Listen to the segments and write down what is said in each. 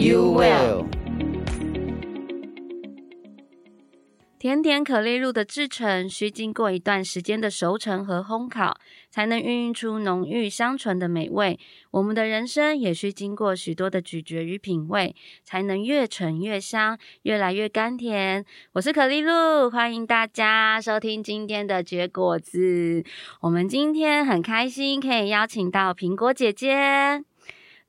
You will。甜點可麗露的製成需經過一段時間的熟成和烘烤，才能孕育出濃郁香醇的美味。我們的人生也需經過許多的咀嚼與品味，才能越醇越香，越來越甘甜。我是可麗露，歡迎大家收聽今天的結果子。我們今天很開心可以邀請到蘋果姐姐。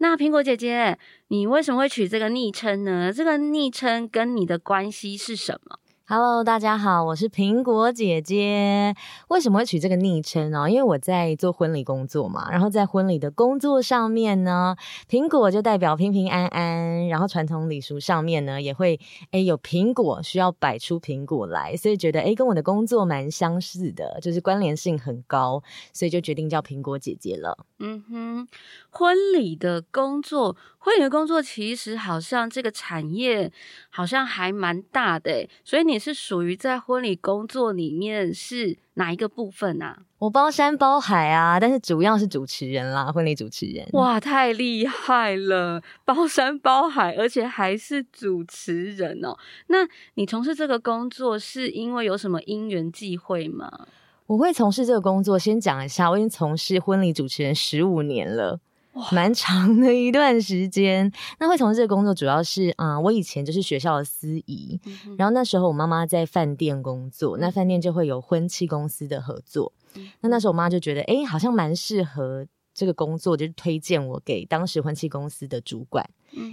那蘋果姐姐，你為什麼會取這個昵稱呢？這個昵稱跟你的關係是什麼？Hello，大家好，我是蘋果姐姐。為什麼會取這個昵稱呢？因為我在做婚禮工作嘛，然後在婚禮的工作上面呢，蘋果就代表平平安安，然後傳統禮俗上面呢也會誒、欸、有蘋果，需要擺出蘋果來，所以覺得誒、欸、跟我的工作蠻相似的，就是關聯性很高，所以就決定叫蘋果姐姐了。嗯哼，婚禮的工作。婚禮的工作，其實好像這個產業好像還蠻大的欸，所以你是屬於在婚禮工作裡面是哪一個部分啊？我包山包海啊，但是主要是主持人啦，婚禮主持人。哇，太厲害了，包山包海，而且還是主持人哦。那你從事這個工作是因為有什麼因緣際會嗎？我會從事這個工作，先講一下，我已經從事婚禮主持人十五年了。蠻長的一段時間，那會從事這個工作主要是啊、呃，我以前就是學校的司儀，然後那時候我媽媽在飯店工作，那飯店就會有婚慶公司的合作，那那時候我媽就覺得，哎、欸，好像蠻適合。這個工作，就是推薦我給當時婚慶公司的主管，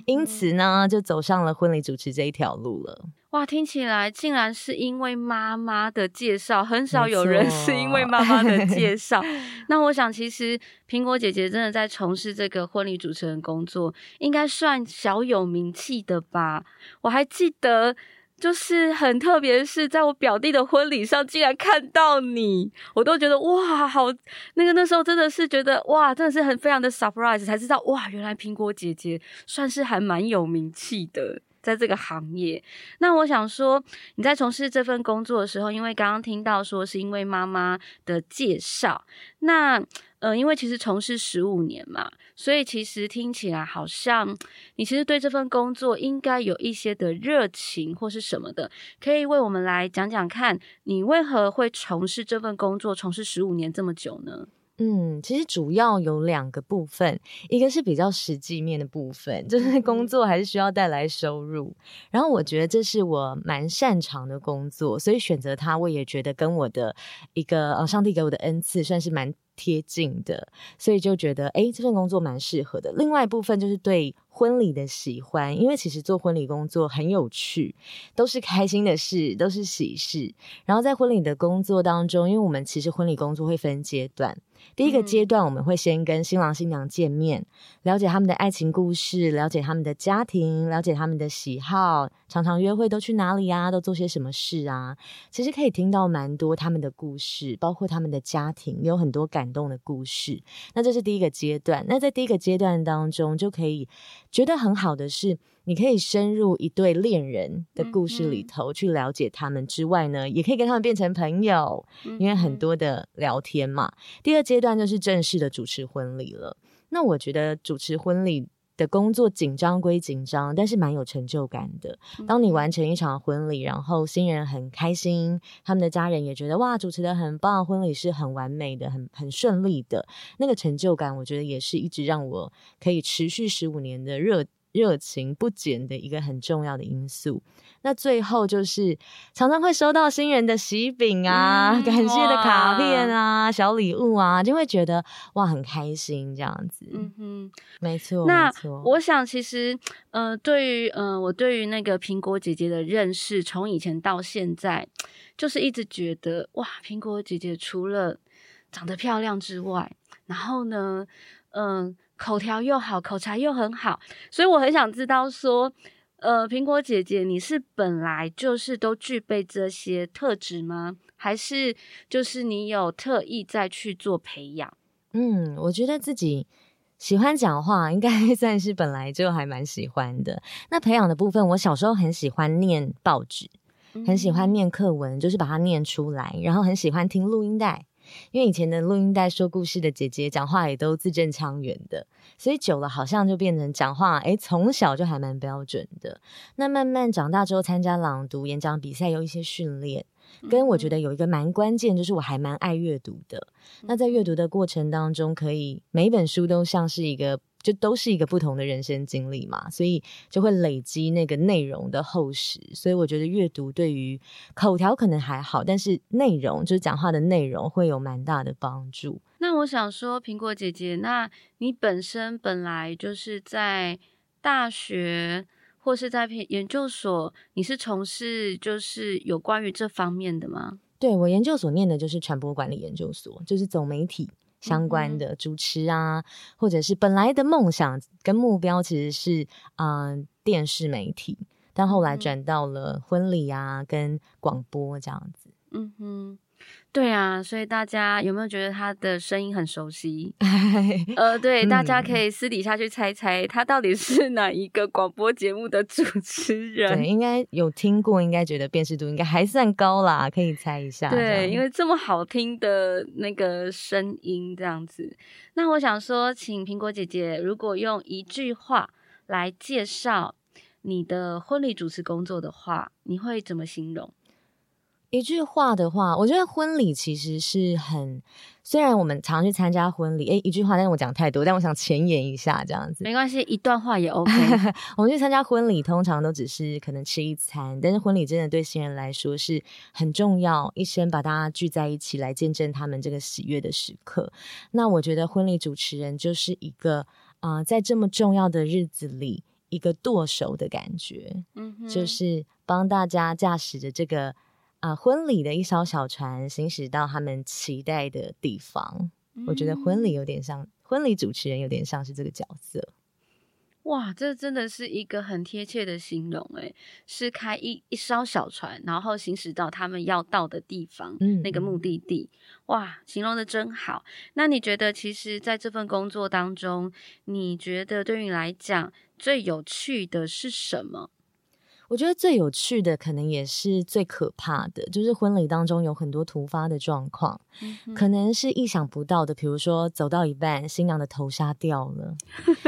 因此呢，就走上了婚禮主持這一條路了。嗯。哇，聽起來竟然是因為媽媽的介紹，很少有人是因為媽媽的介紹。沒錯 那我想，其實蘋果姐姐真的在從事這個婚禮主持人工作，應該算小有名氣的吧？我還記得。就是很特別，是在我表弟的婚禮上，竟然看到你，我都覺得哇，好那個那時候真的是覺得哇，真的是很非常的 surprise，才知道哇，原來蘋果姐姐算是還蠻有名氣的。在這個行業，那我想說，你在從事這份工作的時候，因為剛剛聽到說是因為媽媽的介紹，那呃因為其實從事十五年嘛，所以其實聽起來好像你其實對這份工作應該有一些的熱情或是什麼的，可以為我們來講講看你為何會從事這份工作，從事十五年這麼久呢？嗯，其實主要有兩個部分，一個是比較實際面的部分，就是工作還是需要帶來收入。然後我覺得這是我蠻擅長的工作，所以選擇它，我也覺得跟我的一個、啊、上帝給我的恩賜算是蠻貼近的，所以就覺得誒，這份工作蠻適合的。另外一部分就是對婚禮的喜歡，因為其實做婚禮工作很有趣，都是開心的事，都是喜事。然後在婚禮的工作當中，因為我們其實婚禮工作會分階段，第一個階段我們會先跟新郎新娘見面，了解他們的愛情故事，了解他們的家庭，了解他們的喜好，常常約會都去哪裡啊，都做些什麼事啊。其實可以聽到蠻多他們的故事，包括他們的家庭有很多感動的故事。那這是第一個階段。那在第一個階段當中就可以。覺得很好的是，你可以深入一對戀人的故事裡頭去了解他們，之外呢，也可以跟他們變成朋友，因為很多的聊天嘛。第二階段就是正式的主持婚禮了。那我覺得主持婚禮。的工作緊張歸緊張，但是蠻有成就感的。當你完成一場婚禮，然後新人很開心，他們的家人也覺得哇，主持得很棒，婚禮是很完美的，很很順利的。那個成就感，我覺得也是一直讓我可以持續十五年的熱。熱情不減的一個很重要的因素。那最後就是常常會收到新人的喜餅啊、嗯、感謝的卡片啊、哇小禮物啊，就會覺得哇，很開心這樣子。嗯哼，沒錯錯。那錯我想其實呃，對於嗯、呃，我對於那個蘋果姐姐的認識，從以前到現在，就是一直覺得哇，蘋果姐姐除了長得漂亮之外，然後呢，嗯、呃。口條又好，口才又很好，所以我很想知道說，呃，蘋果姐姐，你是本來就是都具備這些特質嗎？還是就是你有特意再去做培養？嗯，我覺得自己喜歡講話，應該算是本來就還蠻喜歡的。那培養的部分，我小時候很喜歡念報紙，嗯哼，很喜歡念課文，就是把它念出來，然後很喜歡聽錄音帶。因為以前的錄音帶說故事的姐姐講話也都字正腔圓的，所以久了好像就變成講話。哎，從小就還蠻標準的。那慢慢長大之後參加朗讀演講比賽，有一些訓練，跟我覺得有一個蠻關鍵，就是我還蠻愛閱讀的。那在閱讀的過程當中，可以每本書都像是一個。就都是一個不同的人生經歷嘛，所以就會累積那個內容的厚實。所以我覺得閱讀對於口條可能還好，但是內容就是講話的內容會有蠻大的幫助。那我想說，蘋果姐姐，那你本身本來就是在大學或是在研究所，你是從事就是有關於這方面的嗎？對，我研究所念的就是傳播管理研究所，就是走媒體。相關的主持啊，嗯哼，或者是本來的夢想跟目標其實是，嗯、呃，電視媒體，但後來轉到了婚禮啊，跟廣播這樣子。嗯哼。對啊，所以大家有沒有覺得他的聲音很熟悉？ 呃，對，大家可以私底下去猜猜他到底是哪一個廣播節目的主持人？對，應該有聽過，應該覺得辨識度應該還算高啦，可以猜一下。對，因為這麼好聽的那個聲音這樣子。那我想說，請蘋果姐姐，如果用一句話來介紹你的婚禮主持工作的話，你會怎麼形容？一句話的話，我覺得婚禮其實是很，雖然我們常去參加婚禮，誒、欸，一句話，但是我講太多，但我想前言一下這樣子，沒關係，一段話也 OK。 我們去參加婚禮，通常都只是可能吃一餐，但是婚禮真的對新人來說是很重要，一生把大家聚在一起來見證他們這個喜悅的時刻。那我覺得婚禮主持人就是一個啊、呃，在這麼重要的日子裡，一個舵手的感覺，嗯哼就是幫大家駕駛着這個。啊，婚禮的一艘小船行駛到他們期待的地方，嗯、我覺得婚禮有點像婚禮主持人有點像是這個角色。哇，這真的是一個很貼切的形容誒、欸，是開一一艘小船，然後行駛到他們要到的地方，嗯，那個目的地。哇，形容的真好。那你覺得，其實，在這份工作當中，你覺得對於你來講最有趣的是什麼？我覺得最有趣的，可能也是最可怕的，就是婚禮當中有很多突發的狀況，嗯、哼可能是意想不到的。比如說，走到一半，新娘的頭紗掉了；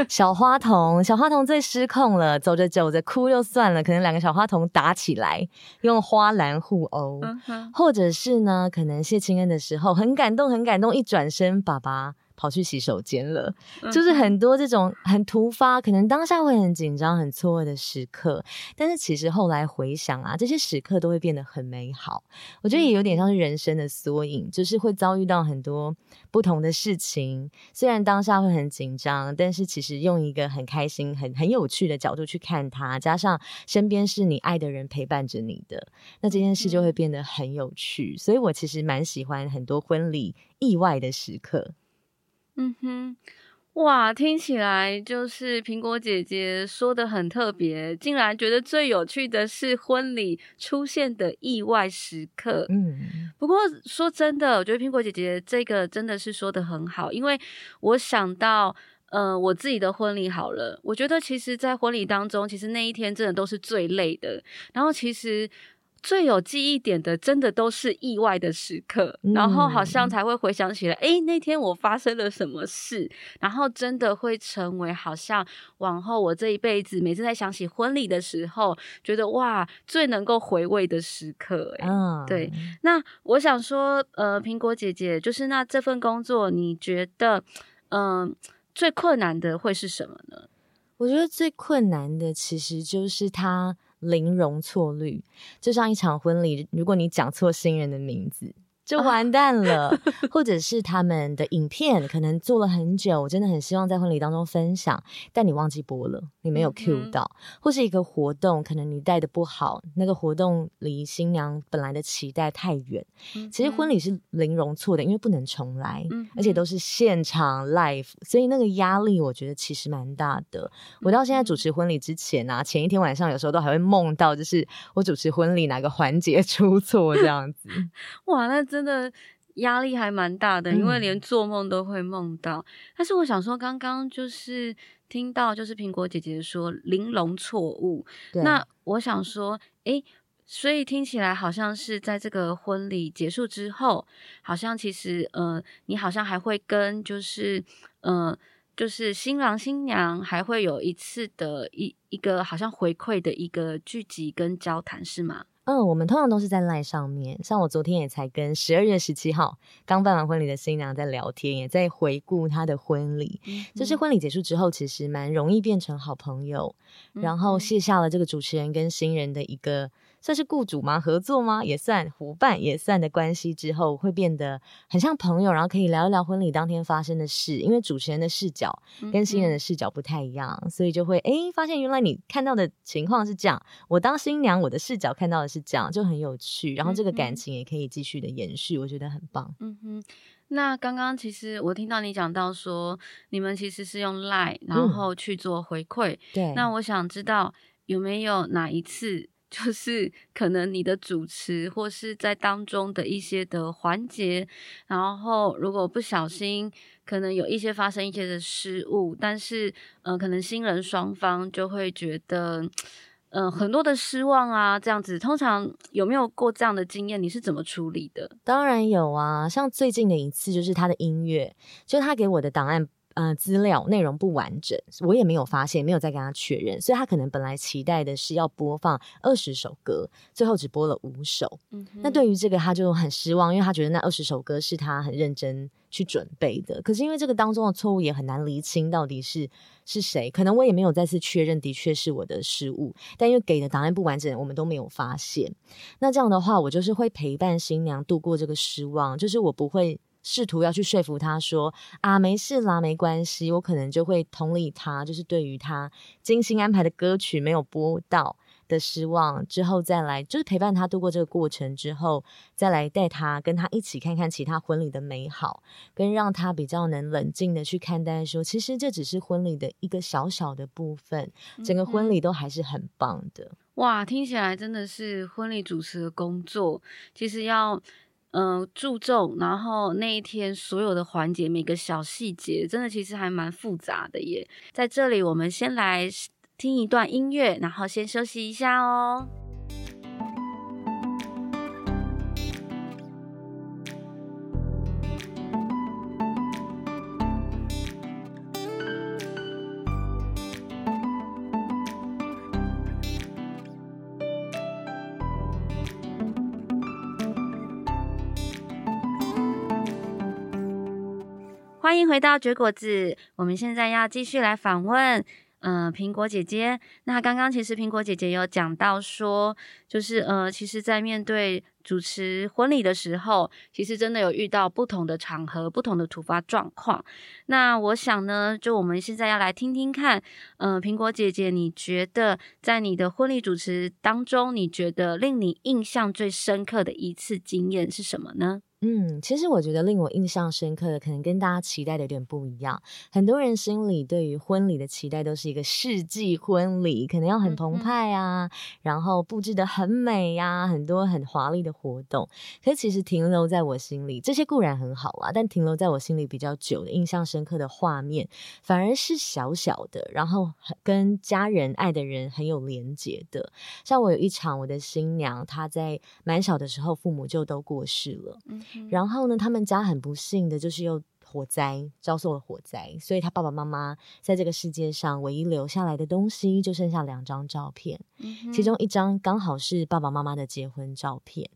小花童，小花童最失控了，走着走着哭就算了，可能兩個小花童打起來，用花籃互毆；嗯、哼或者是呢，可能謝親恩的時候很感動，很感動，一轉身，爸爸。跑去洗手間了，就是很多這種很突發，可能當下會很緊張、很錯愕的時刻。但是其實後來回想啊，這些時刻都會變得很美好。我覺得也有點像是人生的縮影，就是會遭遇到很多不同的事情。雖然當下會很緊張，但是其實用一個很開心、很很有趣的角度去看它，加上身邊是你愛的人陪伴着你的，那這件事就會變得很有趣。所以我其實蠻喜歡很多婚禮意外的時刻。嗯哼，哇，聽起來就是蘋果姐姐說的很特別，竟然覺得最有趣的是婚禮出現的意外時刻。嗯，不過說真的，我覺得蘋果姐姐這個真的是說的很好，因為我想到，嗯、呃，我自己的婚禮好了，我覺得其實，在婚禮當中，其實那一天真的都是最累的，然後其實。最有記憶點的，真的都是意外的時刻，然後好像才會回想起來，誒、嗯欸，那天我發生了什麼事，然後真的會成為好像往後我這一輩子每次在想起婚禮的時候，覺得哇，最能夠回味的時刻，欸，誒、嗯，對。那我想說，呃，蘋果姐姐，就是那這份工作，你覺得，嗯、呃，最困難的會是什麼呢？我覺得最困難的其實就是它。零容錯率，就像一場婚禮，如果你講錯新人的名字，就完蛋了， 或者是他們的影片可能做了很久，我真的很希望在婚禮當中分享，但你忘記播了，你沒有 cue 到，嗯嗯，或是一個活動可能你帶的不好，那個活動離新娘本來的期待太遠。嗯嗯，其實婚禮是零容錯的，因為不能重來，嗯嗯，而且都是現場 l i f e，所以那個壓力我覺得其實蠻大的。我到現在主持婚禮之前啊，前一天晚上有時候都還會夢到，就是我主持婚禮哪個環節出錯這樣子。哇，那真的。真的壓力還蠻大的，因為連做夢都會夢到。嗯、但是我想說，剛剛就是聽到就是蘋果姐姐說玲瓏錯誤，對那我想說，哎，所以聽起來好像是在這個婚禮結束之後，好像其實呃，你好像還會跟就是嗯、呃，就是新郎新娘還會有一次的一一個好像回饋的一個聚集跟交談，是嗎？嗯、哦，我們通常都是在賴上面，像我昨天也才跟十二月十七號剛辦完婚禮的新娘在聊天，也在回顧她的婚禮。嗯、哼就是婚禮結束之後，其實蠻容易變成好朋友，嗯、哼然後卸下了這個主持人跟新人的一個。算是雇主嗎？合作嗎？也算夥伴，也算的關係之後會變得很像朋友，然後可以聊一聊婚禮當天發生的事。因為主持人的視角跟新人的視角不太一樣，嗯、哼所以就會哎、欸、發現原來你看到的情況是這樣。我當新娘，我的視角看到的是這樣，就很有趣。然後這個感情也可以繼續的延續，嗯、哼我覺得很棒。嗯哼。那剛剛其實我聽到你講到說，你們其實是用 LINE 然後去做回饋、嗯。對。那我想知道有沒有哪一次？就是可能你的主持或是在當中的一些的環節，然後如果不小心，可能有一些發生一些的失誤，但是，嗯、呃，可能新人雙方就會覺得，嗯、呃，很多的失望啊，這樣子。通常有沒有過這樣的經驗？你是怎麼處理的？當然有啊，像最近的一次就是他的音樂，就他給我的檔案。呃，資料內容不完整，我也沒有發現，沒有再跟他確認，所以他可能本來期待的是要播放二十首歌，最後只播了五首，嗯、哼那對於這個他就很失望，因為他覺得那二十首歌是他很認真去準備的，可是因為這個當中的錯誤也很難釐清到底是是誰，可能我也沒有再次確認，的確是我的失誤，但因為給的檔案不完整，我們都沒有發現，那這樣的話，我就是會陪伴新娘度過這個失望，就是我不會。試圖要去說服他說：“啊，沒事啦，沒關係。”我可能就會同理他，就是對於他精心安排的歌曲沒有播到的失望之後，再來就是陪伴他度過這個過程之後，再來帶他跟他一起看看其他婚禮的美好，跟讓他比較能冷靜的去看待說，其實這只是婚禮的一個小小的部分，整個婚禮都還是很棒的。嗯、哇，聽起來真的是婚禮主持的工作，其實要。嗯、呃，注重，然後那一天所有的環節，每個小細節，真的其實還蠻複雜的耶。在這裡，我們先來聽一段音樂，然後先休息一下哦。歡迎回到絕果子，我們現在要繼續來訪問，嗯、呃，蘋果姐姐。那剛剛其實蘋果姐姐有講到說，就是呃，其實，在面對主持婚禮的時候，其實真的有遇到不同的場合、不同的突發狀況。那我想呢，就我們現在要來聽聽看，嗯、呃，蘋果姐姐，你覺得在你的婚禮主持當中，你覺得令你印象最深刻的一次經驗是什麼呢？嗯，其實我覺得令我印象深刻的，可能跟大家期待的有點不一樣。很多人心裡對於婚禮的期待都是一個世紀婚禮，可能要很澎湃啊，嗯、哼然後布置的很美呀、啊，很多很華麗的活動。可是其實停留在我心裡，這些固然很好啊，但停留在我心裡比較久的、印象深刻的畫面，反而是小小的，然後跟家人愛的人很有連結的。像我有一場，我的新娘她在蠻小的時候，父母就都過世了。嗯然後呢，他們家很不幸的就是又火災遭受了火災，所以他爸爸媽媽在這個世界上唯一留下來的東西就剩下兩張照片，嗯哼，其中一張剛好是爸爸媽媽的結婚照片。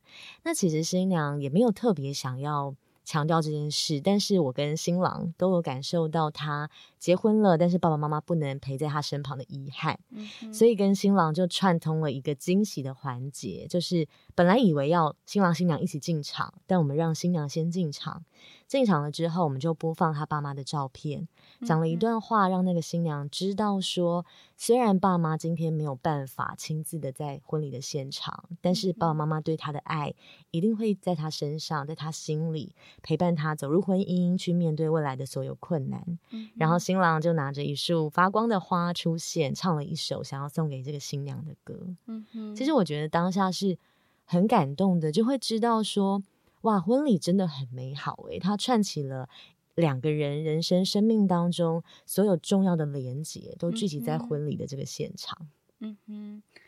那其實新娘也沒有特別想要。強調這件事，但是我跟新郎都有感受到他結婚了，但是爸爸媽媽不能陪在他身旁的遺憾，嗯、哼所以跟新郎就串通了一個驚喜的環節，就是本來以為要新郎新娘一起進場，但我們讓新娘先進場。進場了之後，我們就播放他爸媽的照片，嗯、哼講了一段話，讓那個新娘知道說，雖然爸媽今天沒有辦法親自的在婚禮的現場，但是爸爸媽媽對他的愛一定會在他身上，在他心裡陪伴他走入婚姻，去面對未來的所有困難。嗯、哼然後新郎就拿着一束發光的花出現，唱了一首想要送給這個新娘的歌。嗯、哼其實我覺得當下是很感動的，就會知道說。哇，婚禮真的很美好誒、欸。它串起了兩個人人生、生命當中所有重要的連接，都聚集在婚禮的這個現場。嗯哼。嗯哼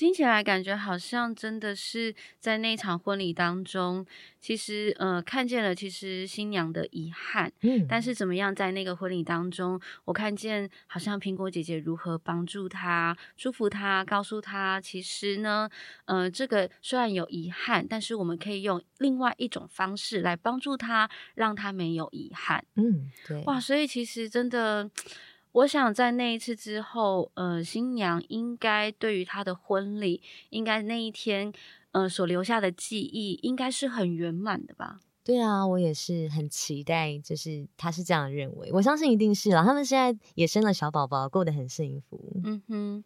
聽起來感覺好像真的是在那場婚禮當中，其實呃看見了，其實新娘的遺憾，嗯，但是怎麼樣在那個婚禮當中，我看見好像蘋果姐姐如何幫助她、祝福她、告訴她，其實呢，呃，這個雖然有遺憾，但是我們可以用另外一種方式來幫助她，讓她沒有遺憾，嗯，對，哇，所以其實真的。我想在那一次之後，呃，新娘應該對於她的婚禮，應該那一天，呃，所留下的記憶，應該是很圓滿的吧？對啊，我也是很期待，就是她是這樣認為，我相信一定是了、啊。他們現在也生了小寶寶，過得很幸福。嗯哼，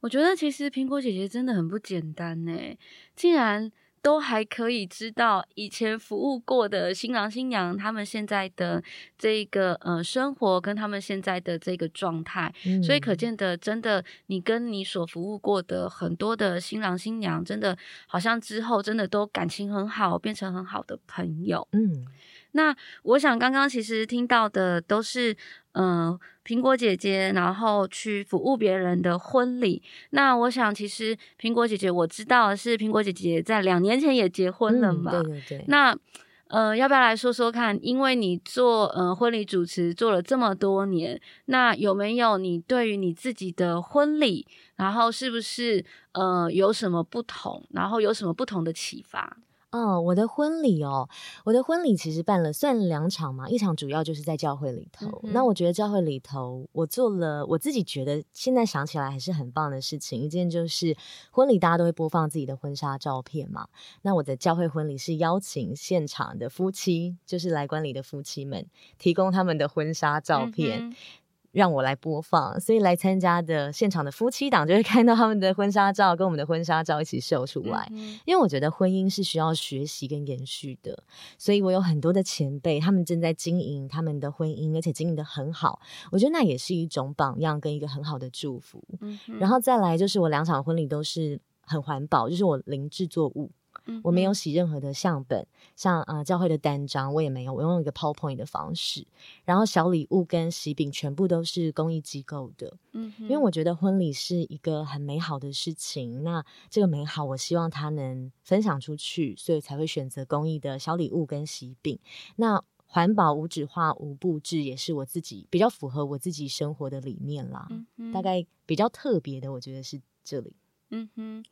我覺得其實蘋果姐姐真的很不簡單哎、欸，竟然。都還可以知道以前服務過的新郎新娘，他們現在的這個呃生活跟他們現在的這個狀態，嗯、所以可見的，真的你跟你所服務過的很多的新郎新娘，真的好像之後真的都感情很好，變成很好的朋友。嗯。那我想剛剛其實聽到的都是，嗯、呃，蘋果姐姐，然後去服務別人的婚禮。那我想其實蘋果姐姐，我知道是蘋果姐姐在兩年前也結婚了嘛、嗯。對對對。那呃，要不要來說說看？因為你做呃婚禮主持做了這麼多年，那有沒有你對於你自己的婚禮，然後是不是呃有什麼不同，然後有什麼不同的啟發？哦，我的婚禮哦，我的婚禮其實辦了算兩場嘛，一場主要就是在教會裡頭。嗯哼。那我覺得教會裡頭，我做了我自己覺得現在想起來還是很棒的事情，一件就是婚禮大家都會播放自己的婚紗照片嘛。那我的教會婚禮是邀請現場的夫妻，就是來觀禮的夫妻們提供他們的婚紗照片。嗯讓我來播放，所以來參加的現場的夫妻檔就會看到他們的婚紗照跟我們的婚紗照一起秀出來。嗯、哼因為我覺得婚姻是需要學習跟延續的，所以我有很多的前輩，他們正在經營他們的婚姻，而且經營的很好。我覺得那也是一種榜樣跟一個很好的祝福。嗯哼，然後再來就是我兩場婚禮都是很環保，就是我零製作物。我沒有洗任何的相本，像啊、呃、教會的單張我也沒有，我用一個 PowerPoint 的方式，然後小禮物跟喜餅全部都是公益機構的，嗯哼，因為我覺得婚禮是一個很美好的事情，那這個美好我希望他能分享出去，所以才會選擇公益的小禮物跟喜餅。那環保無紙化無佈置也是我自己比較符合我自己生活的理念啦，嗯哼，大概比較特別的，我覺得是這裡，嗯哼。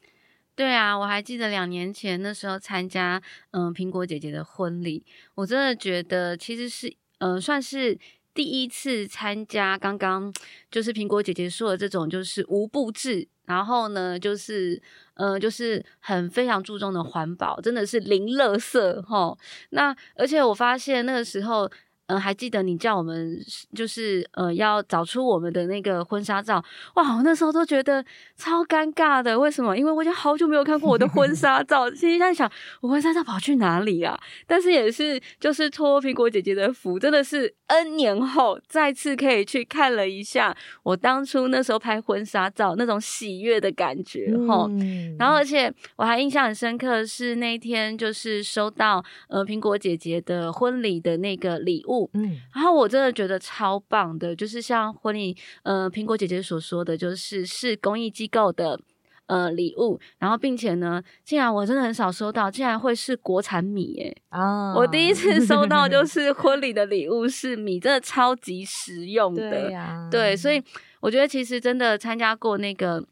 對啊，我還記得兩年前那時候參加嗯、呃、蘋果姐姐的婚禮，我真的覺得其實是嗯、呃、算是第一次參加，剛剛就是蘋果姐姐說的這種就是無布置，然後呢就是嗯、呃、就是很非常注重的環保，真的是零垃圾吼，那而且我發現那個時候。嗯、呃，還記得你叫我們就是呃，要找出我們的那個婚紗照。哇，我那時候都覺得超尷尬的，為什麼？因為我已經好久沒有看過我的婚紗照， 心裡在想我婚紗照跑去哪裡啊？但是也是就是托蘋果姐姐的福，真的是 N 年後再次可以去看了一下我當初那時候拍婚紗照那種喜悅的感覺哈。齁嗯、然後而且我還印象很深刻，是那天就是收到呃蘋果姐姐的婚禮的那個禮物。嗯，然後我真的覺得超棒的，就是像婚禮，呃，蘋果姐姐所說的就是是公益機構的，呃，禮物。然後，並且呢，竟然我真的很少收到，竟然會是國產米哎、欸、啊！哦，我第一次收到就是婚禮的禮物是米， 真的超級實用的。對啊，對，所以我覺得其實真的參加過那個。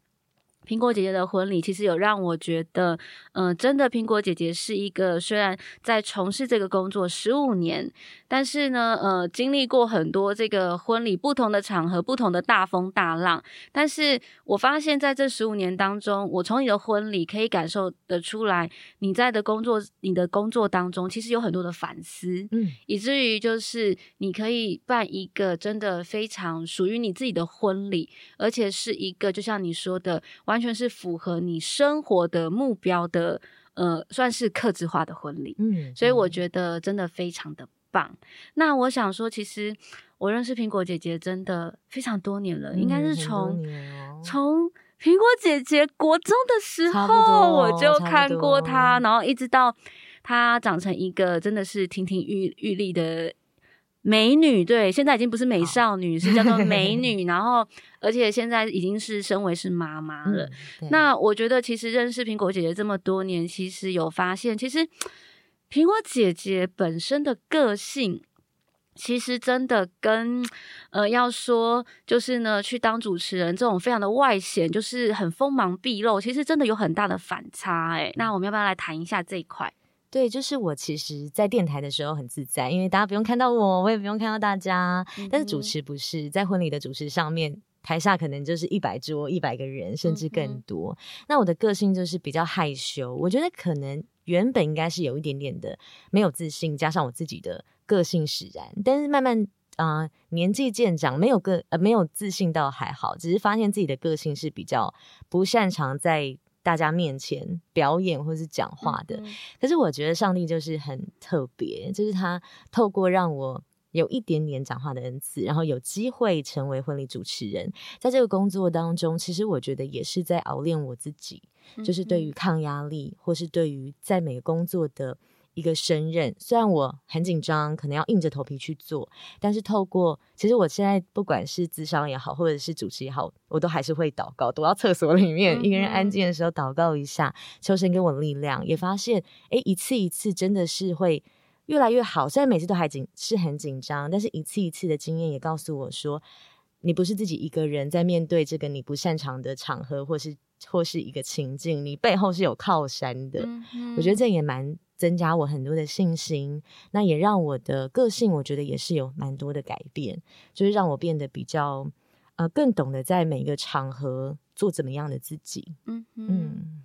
蘋果姐姐的婚禮其實有讓我覺得，嗯、呃，真的蘋果姐姐是一個雖然在從事這個工作十五年，但是呢，呃，經歷過很多這個婚禮不同的場合、不同的大風大浪。但是我發現在這十五年當中，我從你的婚禮可以感受得出來，你在的工作、你的工作當中其實有很多的反思，嗯，以至於就是你可以辦一個真的非常屬於你自己的婚禮，而且是一個就像你說的完全是符合你生活的目標的，呃，算是客製化的婚禮。嗯，所以我覺得真的非常的棒。那我想說，其實我認識蘋果姐姐真的非常多年了，嗯、應該是從從蘋果姐姐國中的時候我就看過她，然後一直到她長成一個真的是亭亭玉玉立的。美女，對，現在已經不是美少女，哦、是叫做美女。 然後，而且現在已經是身為是媽媽了。嗯、那我覺得，其實認識蘋果姐姐這麼多年，其實有發現，其實蘋果姐姐本身的個性，其實真的跟，呃，要說就是呢，去當主持人這種非常的外顯，就是很鋒芒畢露，其實真的有很大的反差誒、欸。那我們要不要來談一下這一塊？對，就是我。其實，在電台的時候很自在，因為大家不用看到我，我也不用看到大家。但是主持不是在婚禮的主持上面，台下可能就是一百桌、一百個人，甚至更多。嗯哼。那我的個性就是比較害羞，我覺得可能原本應該是有一點點的沒有自信，加上我自己的個性使然。但是慢慢啊、呃，年紀漸長，沒有個、呃、沒有自信倒還好，只是發現自己的個性是比較不擅長在大家面前表演或是講話的，可是，嗯哼，我覺得上帝就是很特別，就是他透過讓我有一點點講話的恩賜，然後有機會成為婚禮主持人，在這個工作當中，其實我覺得也是在熬練我自己，就是對於抗壓力或是對於在每個工作的。一個升任，雖然我很緊張，可能要硬着頭皮去做，但是透過其實我現在不管是諮商也好，或者是主持也好，我都還是會禱告，躲到廁所裡面，一個人安靜的時候禱告一下，求神給我力量。也發現、欸，一次一次真的是會越來越好。雖然每次都還緊是很緊張，但是一次一次的經驗也告訴我說。你不是自己一個人在面對這個你不擅長的場合，或是或是一個情境，你背後是有靠山的。嗯、哼我覺得這也蠻增加我很多的信心，那也讓我的個性，我覺得也是有蠻多的改變，就是讓我變得比較呃，更懂得在每一個場合做怎麼樣的自己。嗯嗯。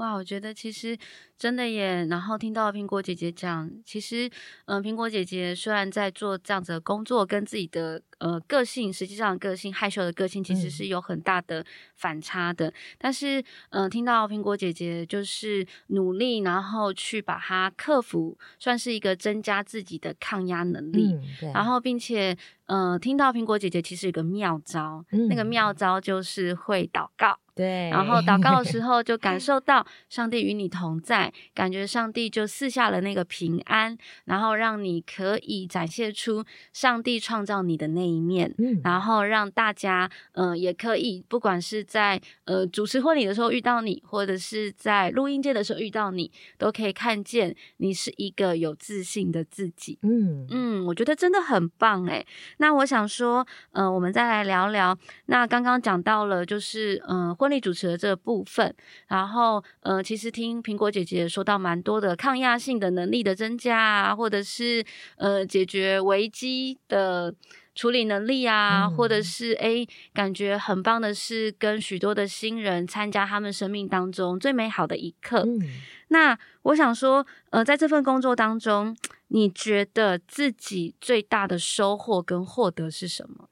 哇，我覺得其實真的耶。然後聽到蘋果姐姐講，其實，嗯、呃，蘋果姐姐雖然在做這樣子的工作，跟自己的呃個性，實際上的個性害羞的個性，其實是有很大的反差的。嗯、但是，嗯、呃，聽到蘋果姐姐就是努力，然後去把它克服，算是一個增加自己的抗壓能力。嗯、然後，並且，嗯、呃，聽到蘋果姐姐其實有一個妙招，嗯、那個妙招就是會禱告。對，然後禱告的時候就感受到上帝與你同在， 感覺上帝就賜下了那個平安，然後讓你可以展現出上帝創造你的那一面，嗯，然後讓大家，嗯、呃，也可以，不管是在呃主持婚禮的時候遇到你，或者是在錄音界的時候遇到你，都可以看見你是一個有自信的自己，嗯嗯，我覺得真的很棒哎，那我想說，嗯、呃，我們再來聊聊，那剛剛講到了就是，嗯、呃、婚。禮主持的這部分，然後呃，其實聽蘋果姐姐說到蠻多的抗壓性的能力的增加啊，或者是呃解決危機的處理能力啊，嗯、或者是哎感覺很棒的是跟許多的新人參加他們生命當中最美好的一刻。嗯、那我想說，呃，在這份工作當中，你覺得自己最大的收穫跟獲得是什麼？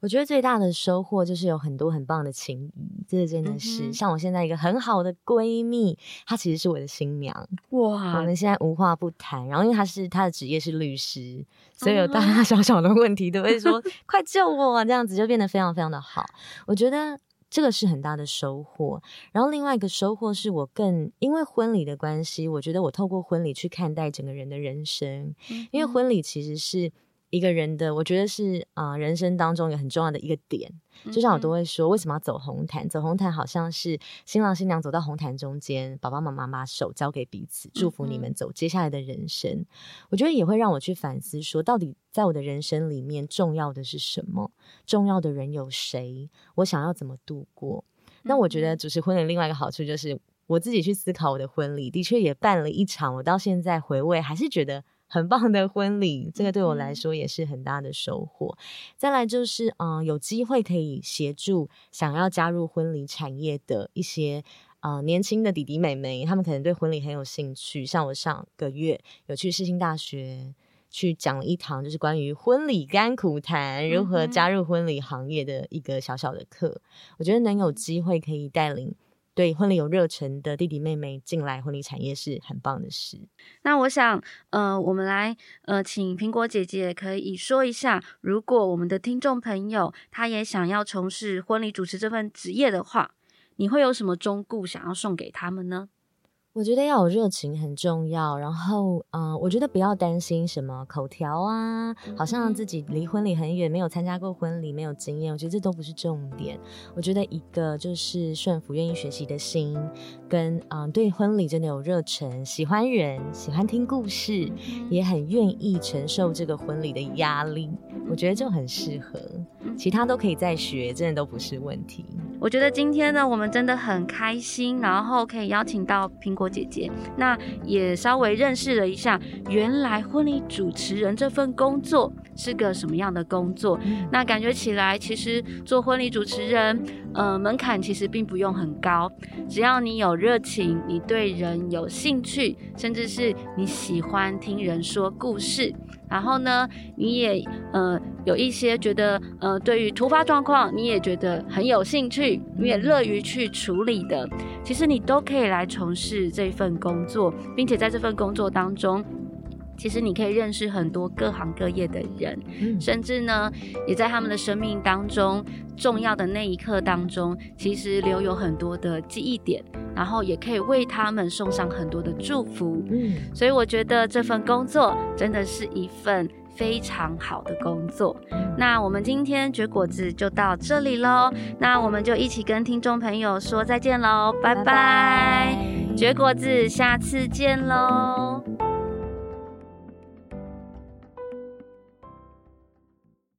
我覺得最大的收穫就是有很多很棒的情誼，這真的是、嗯、哼像我現在一個很好的閨蜜，她其實是我的新娘哇！我們現在無話不談，然後因為她是她的職業是律師，所以有大大小小的問題都會說“嗯、哼 快救我”這樣子，就變得非常非常的好。我覺得這個是很大的收穫。然後另外一個收穫是我更因為婚禮的關係，我覺得我透過婚禮去看待整個人的人生，嗯、哼因為婚禮其實是。一個人的，我覺得是啊、呃，人生當中也很重要的一個點。嗯、哼就像我都會說，為什麼要走紅毯？走紅毯好像是新郎新娘走到紅毯中間，爸爸媽媽把手交給彼此，祝福你們走接下來的人生。嗯、哼我覺得也會讓我去反思說，說到底在我的人生裡面，重要的是什麼？重要的人有誰？我想要怎麼度過？嗯、那我覺得主持婚禮另外一個好處就是，我自己去思考我的婚禮，的確也辦了一場，我到現在回味還是覺得。很棒的婚禮，這個對我來說也是很大的收穫。嗯、再來就是，嗯、呃，有機會可以協助想要加入婚禮產業的一些啊、呃、年輕的弟弟妹妹，他們可能對婚禮很有興趣。像我上個月有去世新大學去講了一堂，就是關於婚禮甘苦談，Okay 如何加入婚禮行業的一個小小的課。我覺得能有機會可以帶領。對婚禮有熱忱的弟弟妹妹進來婚禮產業是很棒的事。那我想，呃，我們來，呃，請蘋果姐姐可以說一下，如果我們的聽眾朋友他也想要從事婚禮主持這份職業的話，你會有什麼忠告想要送給他們呢？我覺得要有熱情很重要，然後嗯、呃，我覺得不要擔心什麼口條啊，好像自己離婚禮很遠，沒有參加過婚禮，沒有經驗，我覺得這都不是重點。我覺得一個就是順服、願意學習的心，跟嗯、呃，對婚禮真的有熱忱，喜歡人，喜歡聽故事，也很願意承受這個婚禮的壓力。我覺得這很適合，其他都可以再學，真的都不是問題。我覺得今天呢，我們真的很開心，然後可以邀請到蘋果。姐姐，那也稍微認識了一下，原來婚禮主持人這份工作是個什麼樣的工作。嗯、那感覺起來，其實做婚禮主持人，呃，門檻其實並不用很高，只要你有熱情，你對人有興趣，甚至是你喜歡聽人說故事。然後呢，你也呃有一些覺得呃對於突發狀況，你也覺得很有興趣，你也樂於去處理的，其實你都可以來從事這份工作，並且在這份工作當中，其實你可以認識很多各行各業的人，嗯、甚至呢，也在他們的生命當中重要的那一刻當中，其實留有很多的記憶點，然後也可以為他們送上很多的祝福。嗯，所以我覺得這份工作真的是一份非常好的工作。嗯、那我們今天絕果子就到這裡嘍，那我們就一起跟聽眾朋友說再見嘍，拜拜，拜拜，絕果子，下次見嘍。